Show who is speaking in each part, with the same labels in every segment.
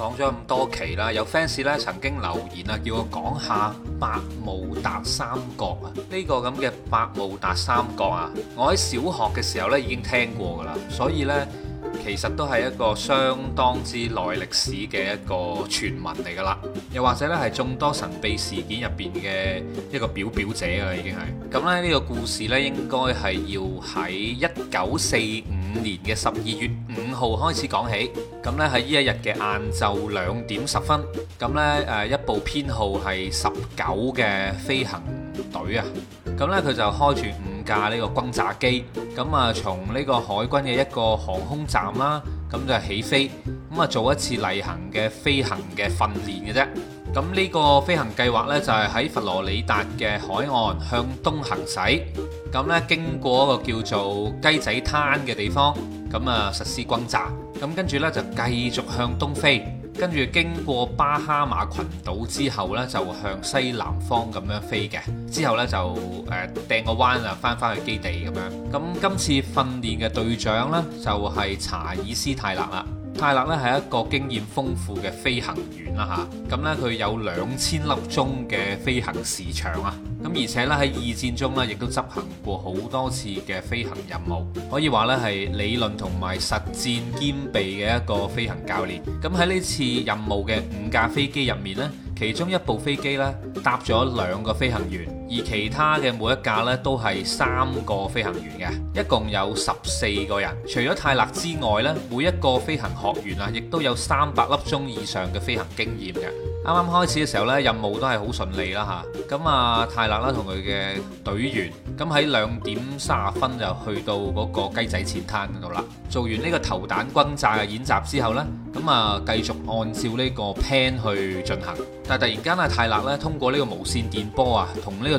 Speaker 1: 講咗咁多期啦，有 fans 咧曾經留言啊，叫我講下百慕達三角啊。呢個咁嘅百慕達三角啊，我喺小學嘅時候呢已經聽過㗎啦。所以呢，其實都係一個相當之耐歷史嘅一個傳聞嚟㗎啦。又或者呢，係眾多神秘事件入邊嘅一個表表者㗎啦，已經係。咁咧呢個故事呢應該係要喺一九四五。五年嘅十二月五號開始講起，咁呢喺呢一日嘅晏晝兩點十分，咁呢誒一部編號係十九嘅飛行隊啊，咁呢佢就開住五架呢個轟炸機，咁啊從呢個海軍嘅一個航空站啦，咁就起飛，咁啊做一次例行嘅飛行嘅訓練嘅啫，咁呢個飛行計劃呢就係喺佛羅里達嘅海岸向東行駛。咁咧經過一個叫做雞仔灘嘅地方，咁啊實施轟炸，咁跟住呢就繼續向東飛，跟住經過巴哈馬群島之後呢，就向西南方咁樣飛嘅，之後呢，就誒掟個彎啊翻返去基地咁樣。咁今次訓練嘅隊長呢，就係查爾斯泰勒啦。泰勒咧係一個經驗豐富嘅飛行員啦嚇，咁咧佢有兩千粒鐘嘅飛行時長啊，咁而且咧喺二戰中咧亦都執行過好多次嘅飛行任務，可以話咧係理論同埋實戰兼備嘅一個飛行教練。咁喺呢次任務嘅五架飛機入面咧，其中一部飛機咧搭咗兩個飛行員。而其他嘅每一架呢都係三個飛行員嘅，一共有十四個人。除咗泰勒之外呢，每一個飛行學員啊，亦都有三百粒鐘以上嘅飛行經驗嘅。啱啱開始嘅時候呢，任務都係好順利啦吓，咁啊，泰勒啦同佢嘅隊員，咁喺兩點三十分就去到嗰個雞仔前灘嗰度啦。做完呢個投彈轟炸嘅演習之後呢，咁啊繼續按照呢個 plan 去進行。但係突然間啊，泰勒呢通過呢個無線電波啊，同呢個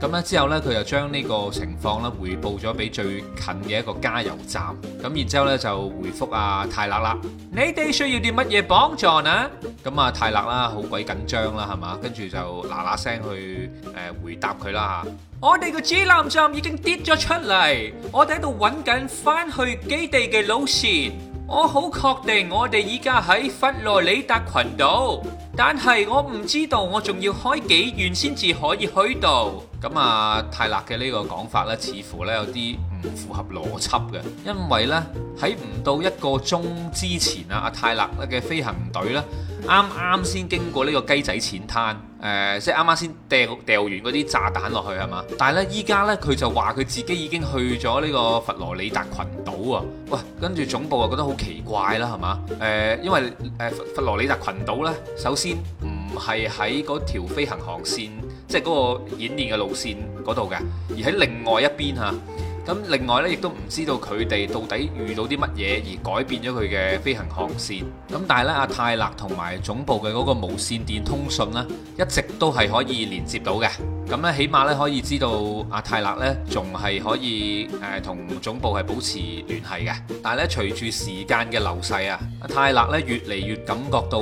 Speaker 1: 咁咧之後咧，佢就將呢個情況咧回報咗俾最近嘅一個加油站。咁然之後咧就回覆阿泰勒啦。你哋需要啲乜嘢幫助呢？」咁啊，泰勒啦，好鬼緊張啦，係嘛？跟住就嗱嗱聲去誒回答佢啦嚇。我哋個指南站已經跌咗出嚟，我哋喺度揾緊翻去基地嘅路線。我好確定我哋依家喺佛羅里達群島，但係我唔知道我仲要開幾遠先至可以去到。咁啊，泰勒嘅呢個講法呢，似乎呢有啲唔符合邏輯嘅，因為呢，喺唔到一個鐘之前啊，阿泰勒嘅飛行隊呢，啱啱先經過呢個雞仔淺灘，誒、呃，即係啱啱先掉掉完嗰啲炸彈落去係嘛，但係呢，依家呢，佢就話佢自己已經去咗呢個佛羅里達群島啊，喂、呃，跟住總部啊覺得好奇怪啦係嘛，誒、呃，因為誒、呃、佛佛羅里達群島呢，首先唔係喺嗰條飛行航線。即係嗰個演練嘅路線嗰度嘅，而喺另外一邊嚇。咁另外咧，亦都唔知道佢哋到底遇到啲乜嘢而改變咗佢嘅飛行航線。咁但係咧，阿泰勒同埋總部嘅嗰個無線電通訊咧，一直都係可以連接到嘅。咁咧，起碼咧可以知道阿泰勒咧仲係可以誒同總部係保持聯繫嘅。但係咧，隨住時間嘅流逝啊，阿泰勒咧越嚟越感覺到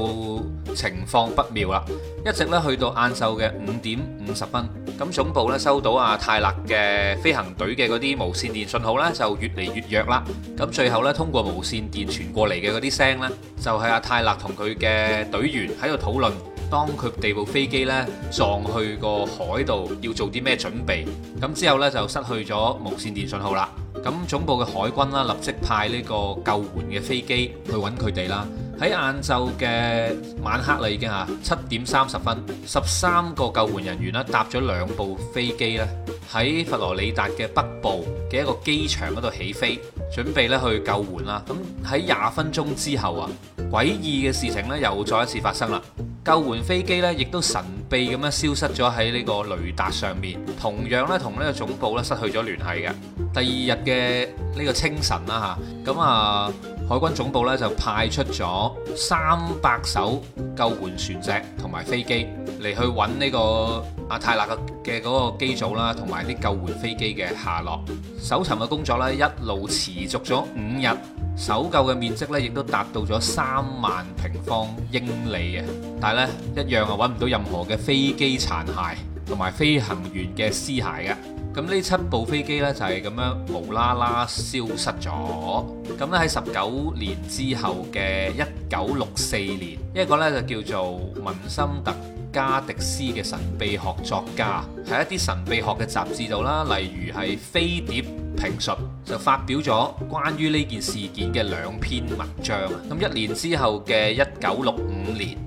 Speaker 1: 情況不妙啦。一直咧去到晏晝嘅五點五十分。咁總部咧收到阿泰勒嘅飛行隊嘅嗰啲無線電信號咧，就越嚟越弱啦。咁最後咧，通過無線電傳過嚟嘅嗰啲聲咧，就係阿泰勒同佢嘅隊員喺度討論，當佢哋部飛機咧撞去個海度要做啲咩準備。咁之後咧就失去咗無線電信號啦。咁總部嘅海軍啦，立即派呢個救援嘅飛機去揾佢哋啦。喺晏晝嘅晚黑啦，已經嚇七點三十分，十三個救援人員啦，搭咗兩部飛機咧，喺佛羅里達嘅北部嘅一個機場嗰度起飛，準備咧去救援啦。咁喺廿分鐘之後啊，詭異嘅事情咧又再一次發生啦。救援飛機咧亦都神秘咁樣消失咗喺呢個雷達上面，同樣咧同呢個總部咧失去咗聯繫嘅。第二日嘅呢個清晨啦嚇，咁啊～海軍總部咧就派出咗三百艘救援船隻同埋飛機嚟去揾呢個阿泰勒嘅嘅嗰個機組啦，同埋啲救援飛機嘅下落。搜尋嘅工作咧一路持續咗五日，搜救嘅面積咧亦都達到咗三萬平方英里嘅，但係咧一樣係揾唔到任何嘅飛機殘骸同埋飛行員嘅屍骸嘅。咁呢七部飛機呢，就係咁樣無啦啦消失咗。咁呢，喺十九年之後嘅一九六四年，一個呢，就叫做文森特加迪斯嘅神秘學作家喺一啲神秘學嘅雜誌度啦，例如係《飛碟評述》，就發表咗關於呢件事件嘅兩篇文章。咁一年之後嘅一九六五年。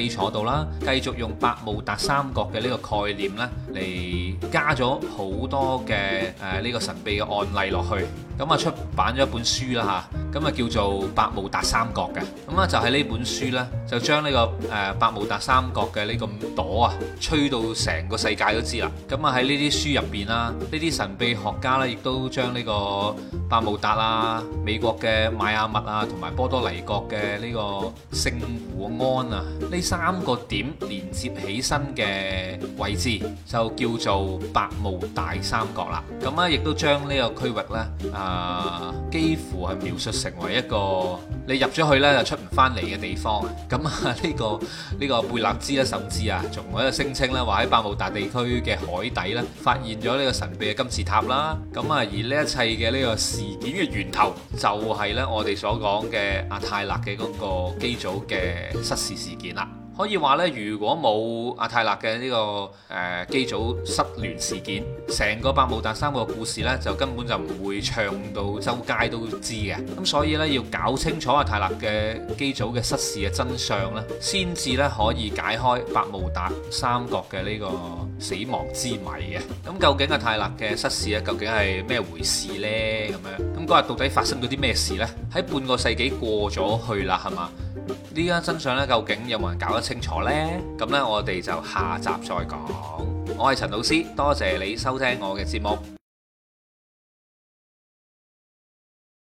Speaker 1: 基礎度啦，繼續用百慕達三角嘅呢個概念呢，嚟加咗好多嘅誒呢個神秘嘅案例落去。咁啊出版咗一本書啦吓，咁啊叫做《百慕達三角》嘅，咁啊就喺呢本書呢，就將呢、呢個誒、呃、百慕達三角嘅呢個朵啊，吹到成個世界都知啦。咁啊喺呢啲書入邊啦，呢啲神秘學家呢亦都將呢個百慕達啦、美國嘅邁阿密啊，同埋波多黎各嘅呢個聖胡安啊，呢三個點連接起身嘅位置就叫做百慕大三角啦。咁啊，亦都將呢個區域呢。啊～啊，uh, 幾乎係描述成為一個你入咗去呢就出唔翻嚟嘅地方。咁 啊、這個，呢、這個呢個貝勒茲咧甚至啊，仲喺度聲稱咧話喺百慕達地區嘅海底咧發現咗呢個神秘嘅金字塔啦。咁啊，而呢一切嘅呢個事件嘅源頭就係、是、呢我哋所講嘅阿泰勒嘅嗰個機組嘅失事事件啦。可以話咧，如果冇阿泰勒嘅呢個誒機組失聯事件，成個百慕達三角故事呢，就根本就唔會唱到周街都知嘅。咁所以呢，要搞清楚阿泰勒嘅機組嘅失事嘅真相咧，先至呢可以解開百慕達三角嘅呢個死亡之謎嘅。咁、嗯、究竟阿泰勒嘅失事咧，究竟係咩回事呢？咁樣。嗰日到底發生咗啲咩事呢？喺半個世紀過咗去啦，係嘛？呢啲真相咧，究竟有冇人搞得清楚呢？咁呢，我哋就下集再講。我係陳老師，多謝你收聽我嘅節目。